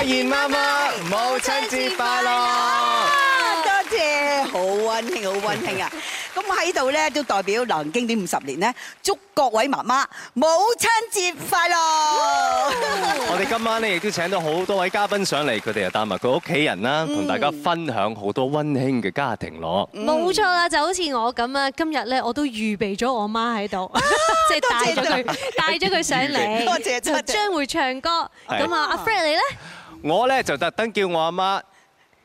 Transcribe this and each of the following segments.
家燕媽媽，母親節快樂！多謝，好溫馨，好溫馨啊！咁我喺度咧，都的代表《流行經典五十年》呢，祝各位媽媽母親節快樂！ 我哋今晚咧亦都請到好多位嘉賓上嚟，佢哋又帶埋佢屋企人啦，同大家分享好多溫馨嘅家庭樂。冇、嗯、錯啦，就好似我咁啊！今日咧，我都預備咗我媽喺度，即係帶咗佢，帶咗佢上嚟，多謝就將會唱歌。咁啊，阿 Fred 你咧？我呢，就特登叫我阿媽，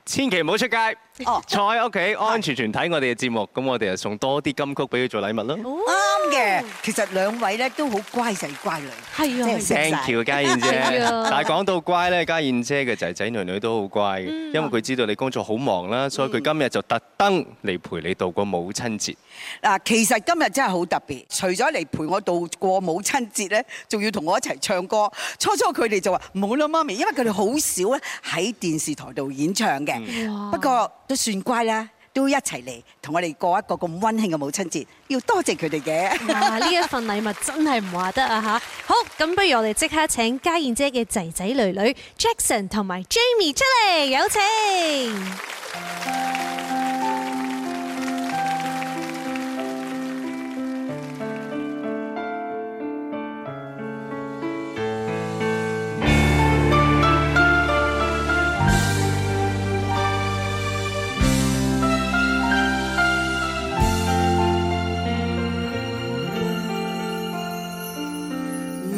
千祈唔好出街。哦、oh，坐喺屋企安安全全睇我哋嘅節目，咁對 我哋就送多啲金曲俾佢做禮物咯。啱嘅，其實兩位咧都好乖仔乖、乖女，即係對 thank you，家燕姐。但係講到乖咧，家燕姐嘅仔仔女女都好乖，因為佢知道你工作好忙啦，所以佢今日就特登嚟陪你度過母親節。嗱，其實今日真係好特別，除咗嚟陪我度過母親節咧，仲要同我一齊唱歌。初初佢哋就話冇啦，媽咪，因為佢哋好少咧喺電視台度演唱嘅。不過都算乖啦，都一齊嚟同我哋過一個咁溫馨嘅母親節，要多謝佢哋嘅。呢、 啊、一份禮物真係唔話得啊吓，好，咁不如我哋即刻請家燕姐嘅仔仔女女 Jackson 同埋 Jamie 出嚟，有請。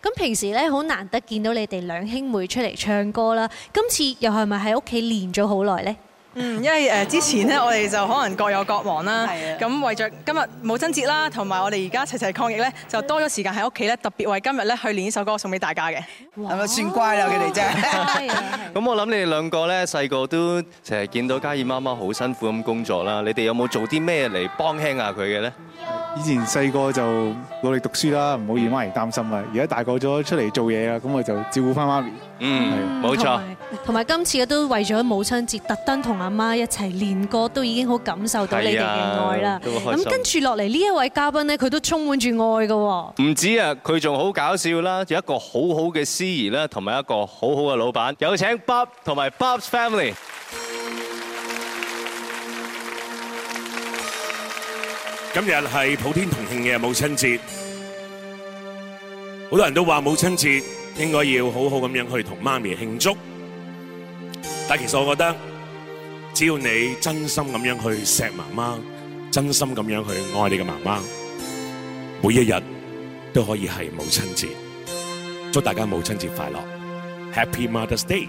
咁平時咧，好難得見到你哋兩兄妹出嚟唱歌啦。今次又係咪喺屋企練咗好耐咧？嗯，因為誒之前咧，我哋就可能各有各忙啦。係啊。咁為著今日母親節啦，同埋我哋而家齊齊抗疫咧，就多咗時間喺屋企咧，特別為今日咧，去練呢首歌送俾大家嘅。哇！算乖啦，佢哋啫。咁我諗你哋兩個咧，細個都成日見到家燕媽媽好辛苦咁工作啦。你哋有冇做啲咩嚟幫輕下佢嘅咧？以前細個就努力讀書啦，唔好讓媽咪擔心啦。而家大個咗出嚟做嘢啦，咁我就照顧翻媽咪。嗯，冇錯。同埋今次嘅都為咗母親節，特登同阿媽一齊練歌，都已經好感受到你哋嘅愛啦。咁跟住落嚟呢一位嘉賓咧，佢都充滿住愛噶。唔止啊，佢仲好搞笑啦，有一個好好嘅司儀啦，同埋一個好好嘅老闆。有請 Bob 同埋 Bob's Family。今日係普天同慶嘅母親節，好多人都話母親節，應該要好好咁樣去同媽咪慶祝，但其實我覺得，只要你真心咁樣去錫媽媽，真心咁樣去愛你嘅媽媽，每一日都可以係母親節，祝大家母親節快樂，Happy Mother's Day！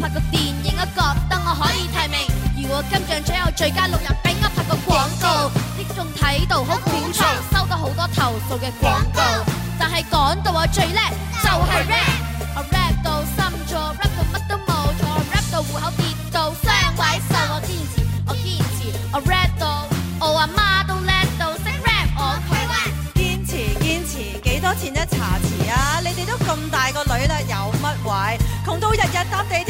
拍個電影都覺得我可以提名，如果金像獎有最佳錄音，比我拍個廣告，影聽眾睇到好枯燥，收到好多投訴嘅廣告，就係講到我最叻，就係去 rap，我 rap 到心碎，rap 到乜都冇錯，rap 到戶口跌到雙位數，我堅持，我堅持，我 rap 到我阿媽都叻到識 rap 我 rap，佢話，堅持堅持，幾多錢一茶匙啊？你哋都咁大個女啦，有乜位？窮到日日搭地。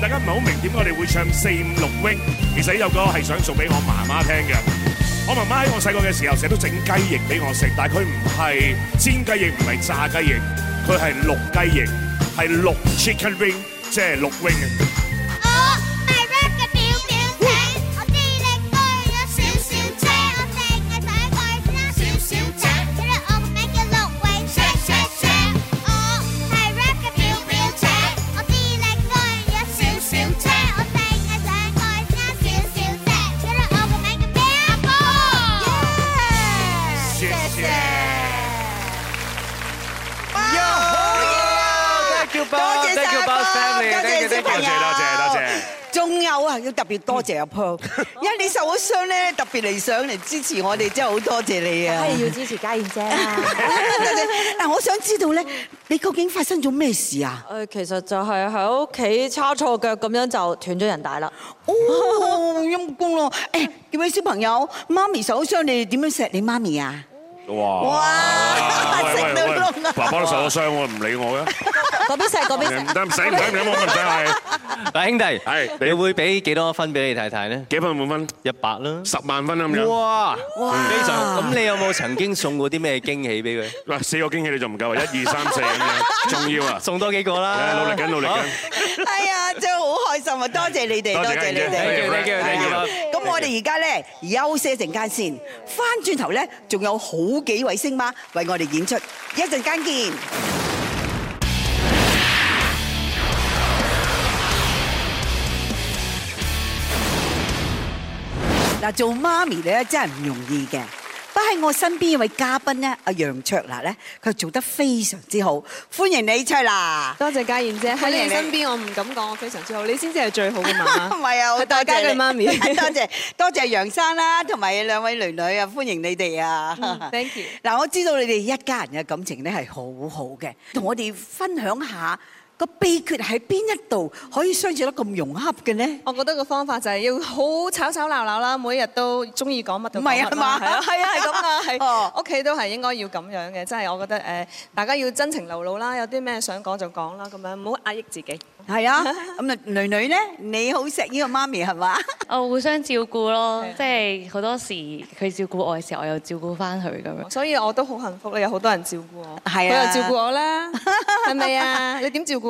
大家唔係好明點，我哋會唱四五六 wing，其實有個係想做俾我媽媽聽嘅。我媽媽喺我細個嘅時候，成日都整雞翼俾我食，但係佢唔係煎雞翼，唔係炸雞翼，佢係六雞翼，係六 chicken wing，即係六 wing。特別多謝阿 Paul，因為你受咗傷咧，特別嚟上嚟支持我哋，真係好多謝你啊！係要支持家燕姐！但我想知道咧，你究竟發生咗咩事啊？誒，其實就係喺屋企叉錯腳咁樣就斷咗韌帶啦！哦，陰功咯！誒，幾位小朋友，媽咪受咗傷，你點樣錫你媽咪啊？哇！喂喂喂，爸爸都受咗傷喎，唔理我嘅。我唔使，我唔使。唔使，唔使，唔使，我唔使係。大兄弟，係，你會俾幾多分俾你太太咧？幾分滿分？一百啦，十萬分啦咁樣。哇哇，非常。咁你有冇曾經送過啲咩驚喜俾佢？喂，四個驚喜你就唔夠啊？一二三四咁樣，重要啊！送多幾個啦。係努力緊，努力緊。係啊，真係好開心啊！多謝你哋，多謝。Thank you，thank you，thank you。咁我哋而家咧休息一陣間先，翻轉頭咧仲有好幾位星媽為我哋演出，一陣間見。嗱，做媽咪咧真係唔容易嘅。不過我身邊呢位嘉賓呢，阿楊卓娜呢，佢做得非常之好，歡迎你出嚟啦！多謝嘉賢姐，喺你身邊，我唔敢講我非常之好，你先至係最好嘅媽媽。唔係啊，我代嘉嘅媽咪，多謝多謝楊生啦，同埋兩位囡囡啊，歡迎你哋啊！Thank you。嗱，我知道你哋一家人嘅感情呢係好好嘅，同我哋分享下。個秘訣喺邊一度可以相處得咁融洽嘅呢？我覺得個方法就係要好吵吵鬧鬧啦，每日都中意講乜都唔講啊，係啊係啊係咁啊係！屋企都係應該要咁樣嘅，即係我覺得誒、呃，大家要真情流露啦，有啲咩想講就講啦，咁樣唔好壓抑自己。係啊，咁啊女女呢，你好錫呢個媽咪係嘛？係嘛，我互相照顧咯，啊、即係好多時佢照顧我嘅時候，我又照顧翻佢咁樣，所以我都好幸福啦，有好多人照顧我，係啊，佢又照顧我啦，係咪 啊？你點照顧？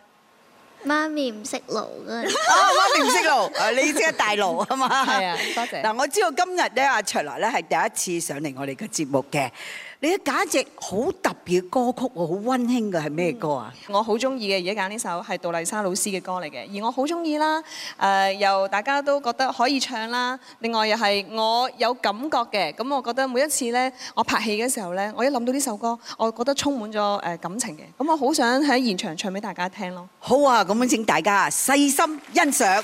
媽咪唔識路啊！媽咪唔識路， 你即係大路啊嘛！係啊，多謝嗱，我知道今日咧，阿、 啊、卓來咧係第一次上嚟我哋嘅節目嘅。你揀一隻好特別嘅歌曲好溫馨嘅，係咩歌啊、嗯？我好中意嘅，而家揀呢首係杜麗莎老師嘅歌嚟嘅，而我好中意啦。誒、呃，又大家都覺得可以唱啦。另外又係我有感覺嘅，咁我覺得每一次呢，我拍戲嘅時候呢，我一諗到呢首歌，我覺得充滿咗誒感情嘅。咁我好想喺現場唱俾大家聽咯。好啊！咁樣請大家細心欣賞。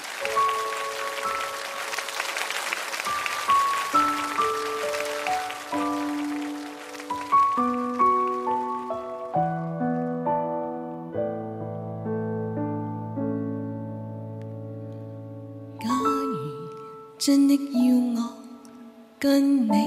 假如真的要我跟你。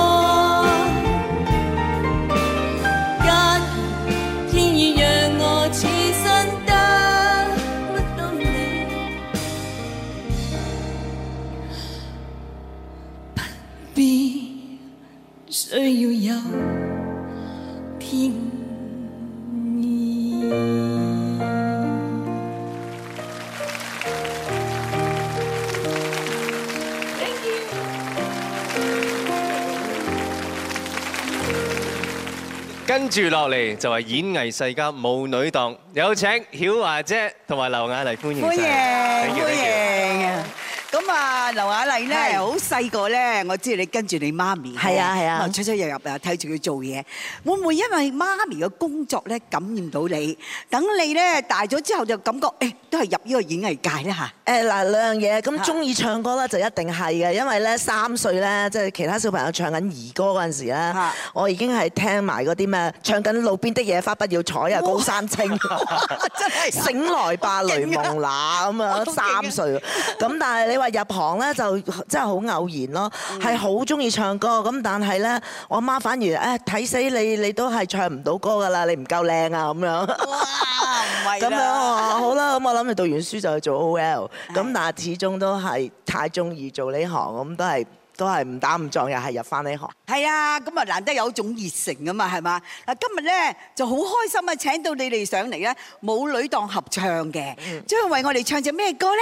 跟住落嚟就係演藝世家舞女檔，有請曉華姐同埋劉雅麗，歡迎歡迎歡迎。咁啊，劉雅麗咧，好細個咧，我知你跟住你媽咪，係啊係啊，出出入入啊，睇住佢做嘢，會唔會因為媽咪嘅工作咧感染到你？等你咧大咗之後就感覺，誒，都係入呢個演藝界咧嚇。誒嗱兩樣嘢，咁中意唱歌啦，就一定係嘅，因為咧三歲咧，即係其他小朋友唱緊兒歌嗰陣時咧，我已經係聽埋嗰啲咩，唱緊路邊的野花不要採啊，高山青，真係醒來吧雷夢娜咁樣三歲，咁但係你話。入行咧就真係好偶然咯，係好中意唱歌咁，但係咧我阿媽反而誒睇死你，你都係唱唔到歌噶啦，你唔夠靚啊咁樣。哇，唔係。咁樣好啦，咁我諗你讀完書就去做 OL，咁是的 但係始終都係太中意做呢行，咁都係都係唔打唔撞又係入翻呢行是。係啊，咁啊難得有一種熱誠啊嘛，係嘛？嗱，今日咧就好開心啊，請到你哋上嚟咧，母女檔合唱嘅，將為我哋唱隻咩歌咧？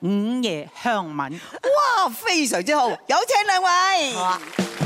午夜香吻，嘩，非常之好，有請兩位。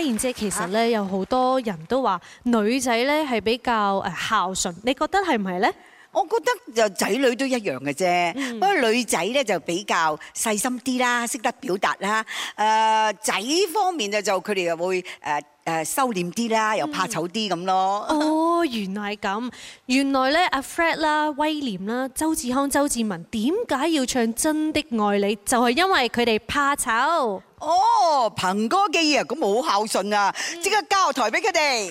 燕姐其實咧，有好多人都話女仔咧係比較誒孝順，你覺得係唔係咧？我覺得就仔女都一樣嘅啫，不過女仔咧就比較細心啲啦，識得表達啦。誒仔方面啊，就佢哋又會誒。誒收斂啲啦，又怕醜啲咁咯。嗯、哦，原來係咁。原來咧，阿 Fred 啦、威廉啦、周志康、周志文，點解要唱《真的愛你》？就係、是、因為佢哋怕醜。哦，憑歌寄意啊，咁好孝順啊，即、嗯、刻交台俾佢哋。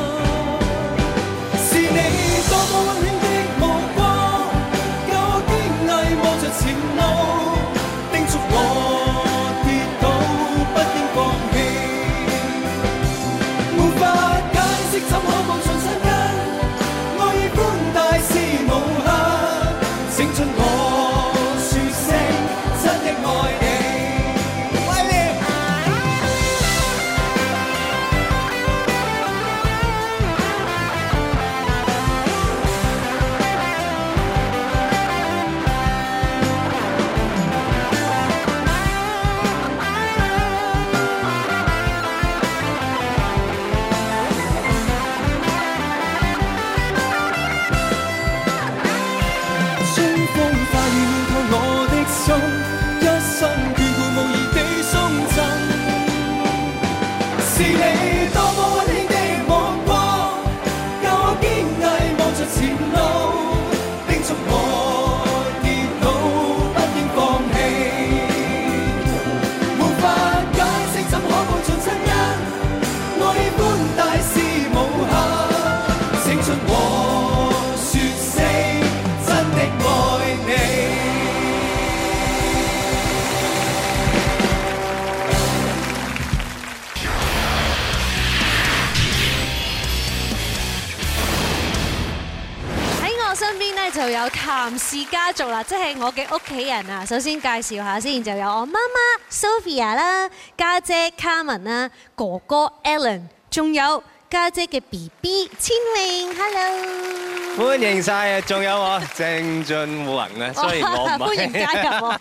即係我嘅屋企人啊！首先介紹下先，就有我媽媽 Sophia 啦，家姐 Carmen 啦，哥哥 Alan，仲有家姐嘅 BB 千玲，Hello！歡迎晒，仲有我鄭俊弘啊，雖然我唔係。歡迎加入我。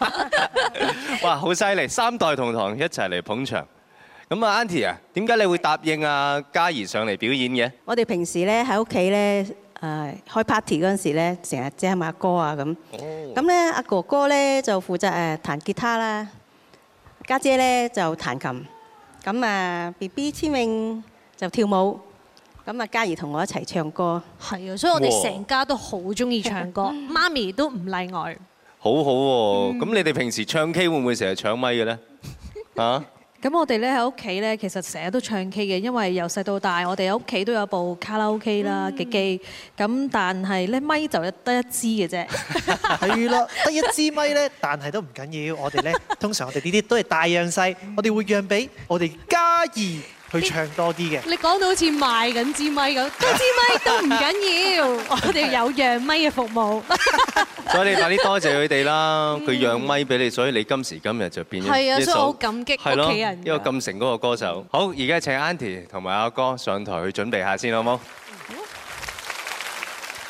哇！好犀利，三代同堂一齊嚟捧場。咁啊，Aunty 啊，點解你會答應阿嘉儀上嚟表演嘅？我哋平時咧喺屋企咧。誒開 party 嗰陣時咧，成日即係阿哥啊咁。咁咧阿哥哥咧就負責誒彈吉他啦，家姐咧就彈琴。咁啊 B B 千名就跳舞。咁啊嘉儀同我一齊唱歌。係啊，所以我哋成家都好中意唱歌，媽咪都唔例外好。好好喎，咁你哋平時唱 K 會唔會成日搶咪嘅咧？嚇！咁我哋咧喺屋企咧，其實成日都唱 K 嘅，因為由細到大，我哋喺屋企都有部卡拉 OK 啦嘅機，咁但係咧咪就得一支嘅啫。係啦，得一支咪咧，但係都唔緊要。我哋咧通常我哋呢啲都係大讓細，我哋會讓俾我哋嘉儀。去唱多啲嘅。你講到好似賣緊支咪咁，多支咪都唔緊要，我哋有讓咪嘅服務。所以你快啲多謝佢哋啦。佢讓咪俾你，所以你今時今日就變咗一首。係啊，所以好感激屋企人。因為咁成功嘅嗰個歌手，好而家請 Auntie 同埋阿哥上台去準備下先，好冇？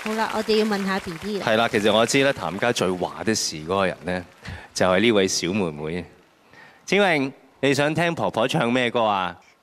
好啦，我哋要問下 B B 啦。係啦，其實我知咧，譚家最話事嗰個人咧，就係呢位小妹妹。子穎，你想聽婆婆唱咩歌啊？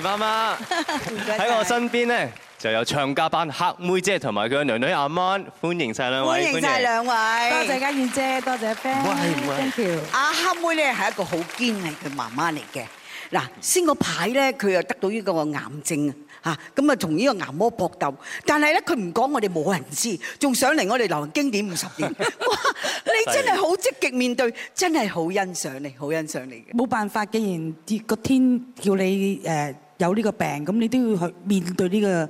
媽媽喺我身邊咧，就有唱家班黑妹姐同埋佢嘅女女阿媽，歡迎曬兩位。歡迎曬兩位，多謝家燕姐，多謝 Ben，Ben 喬。阿黑妹咧係一個好堅毅嘅媽媽嚟嘅。嗱，先個牌咧，佢又得到呢個癌症啊，咁啊同呢個癌魔搏鬥。但係咧，佢唔講，我哋冇人知，仲上嚟我哋流行經典五十年。哇，你真係好積極面對，真係好欣賞你，好欣賞你嘅。冇辦法，既然個天叫你誒。有呢個病咁，你都要去面對呢個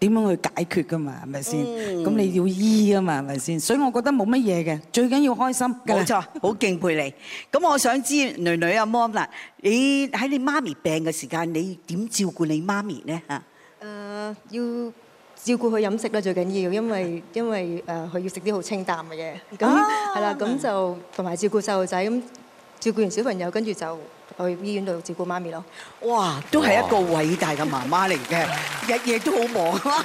點樣去解決㗎嘛？係咪先？咁你要醫吖嘛？係咪先？所以我覺得冇乜嘢嘅，最緊要開心。冇錯，好敬佩你。咁我想知囡囡阿媽啦，你喺你媽咪病嘅時間，你點照顧你媽咪咧？嚇？誒，要照顧佢飲食啦，最緊要，因為因為誒佢要食啲好清淡嘅嘢。咁係啦，咁就同埋照顧細路仔，咁照顧完小朋友，跟住就。去醫院度照顧媽咪咯！哇，都係一個偉大嘅媽媽嚟嘅，日夜都好忙。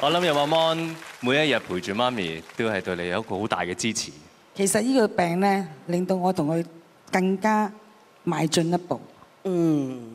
我諗有媽媽每一日陪住媽咪，都係對你有一個好大嘅支持。其實呢個病咧，令到我同佢更加邁進一步。嗯。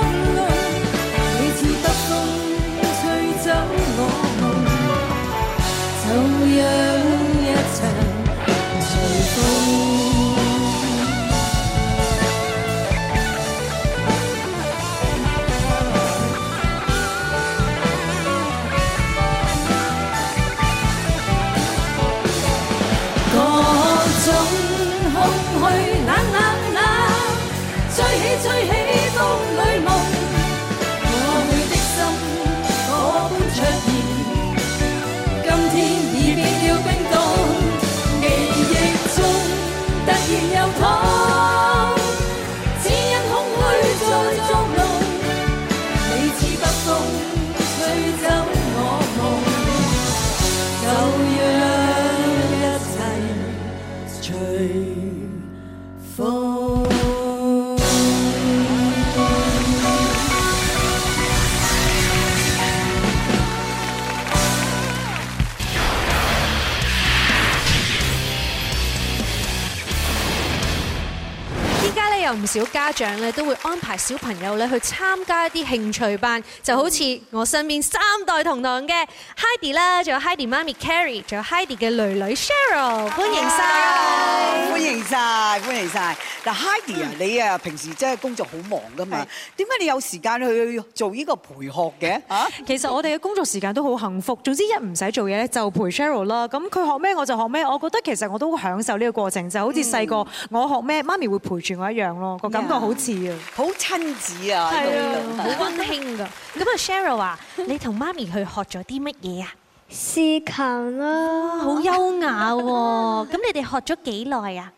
唔少家長咧都會安排小朋友咧去參加一啲興趣班，就好似我身邊三代同堂嘅 Heidi 啦，仲有 Heidi 媽咪 Carrie，仲有 Heidi 嘅囡囡 Cheryl，歡迎晒，歡迎晒，歡迎晒。嗱 Heidi 啊，你啊平時真係工作好忙㗎嘛，點解你有時間去做呢個陪學嘅？啊，其實我哋嘅工作時間都好幸福，總之一唔使做嘢咧就陪 Cheryl 啦。咁佢學咩我就學咩，我覺得其實我都好享受呢個過程，就好似細個我學咩媽咪會陪住我一樣咯。個感覺好似啊，好親子啊，係好溫馨噶。咁啊，Sheryl 啊，你同媽咪去學咗啲乜嘢啊？視琴啦，好優雅喎。咁 你哋學咗幾耐啊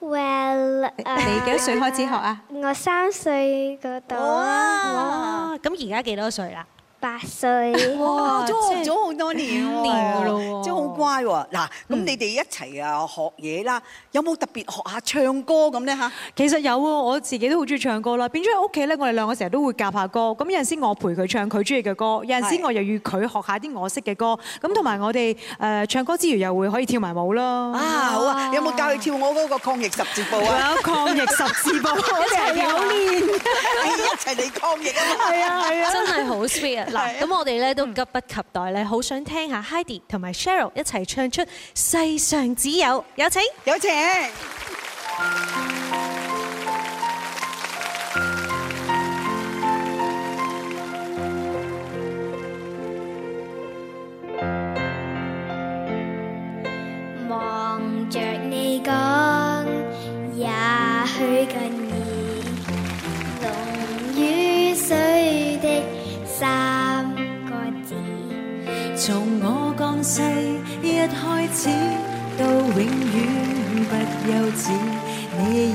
？Well, uh, 你幾多歲開始學啊？我三歲嗰度。哇！咁而家幾多歲啦？八歲哇，都學咗好多年嘅啦，即係、真係好乖喎！嗱，咁你哋一齊啊學嘢啦，有冇特別學下唱歌咁咧嚇？其實有喎，我自己都好中意唱歌啦。變咗喺屋企咧，我哋兩個成日都會夾下歌。咁有陣時我陪佢唱佢中意嘅歌，有陣時我又要佢學下啲我識嘅歌。咁同埋我哋誒唱歌之餘又會可以跳埋舞啦。啊好啊！有冇教佢跳我嗰個抗疫十字步啊？抗疫十字步， 我一齊表演，你一齊嚟抗疫，啊。 係啊係啊，真係好 sweet 啊！咁是、啊、我哋咧都急不及待咧，好想聽下 Heidi 同埋 Cheryl 一齊唱出「世上只有」，有請有請，啊。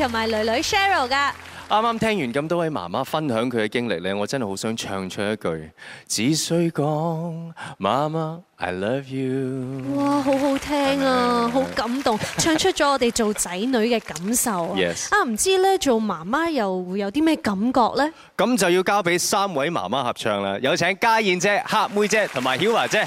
同埋女女 Cheryl 噶，啱啱聽完咁多位媽媽分享佢嘅經歷咧，我真係好想唱出一句，只需講 Mama，I love you。哇，好好聽啊，好感動，唱出咗我哋做仔女嘅感受。啊，啊，唔知咧做媽媽又會有啲咩感覺咧？咁就要交俾三位媽媽合唱啦。有請家燕姐、黑妹姐同埋曉華姐。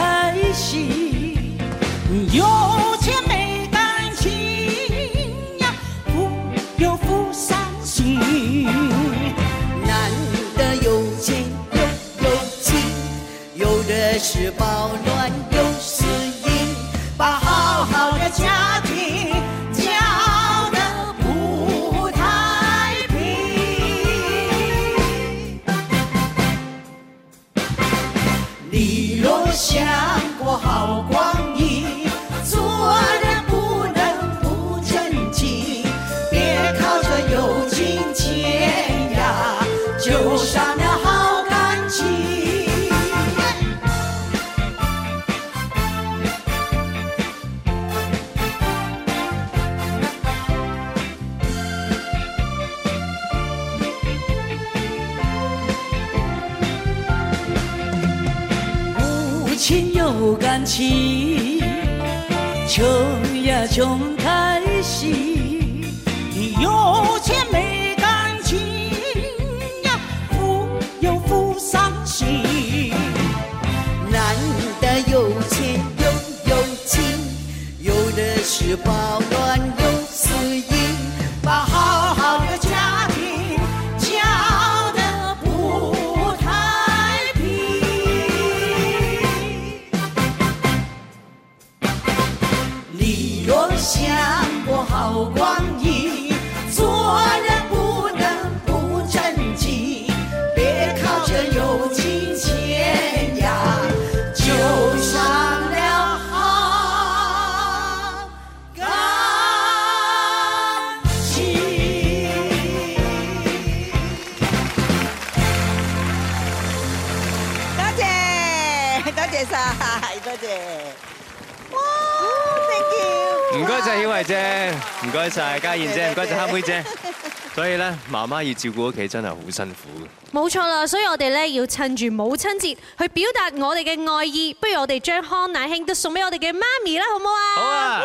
啫，所以咧，媽媽要照顧屋企真係好辛苦。冇錯啦，所以我哋咧要趁住母親節去表達我哋嘅愛意，不如我哋將康乃馨都送俾我哋嘅媽咪啦，好唔好啊？好啊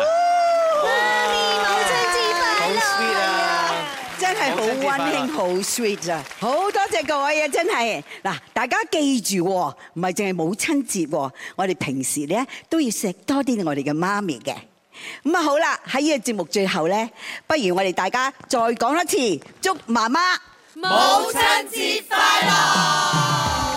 哇！媽咪母親節快樂！了真係好温馨，好 sweet 啊！好多謝，謝各位啊，真係嗱，大家記住喎，唔係淨係母親節喎，我哋平時咧都要錫多啲我哋嘅媽咪嘅。咁啊好啦，喺呢個節目最後呢，不如我哋大家再講一次，祝媽媽母親節快樂。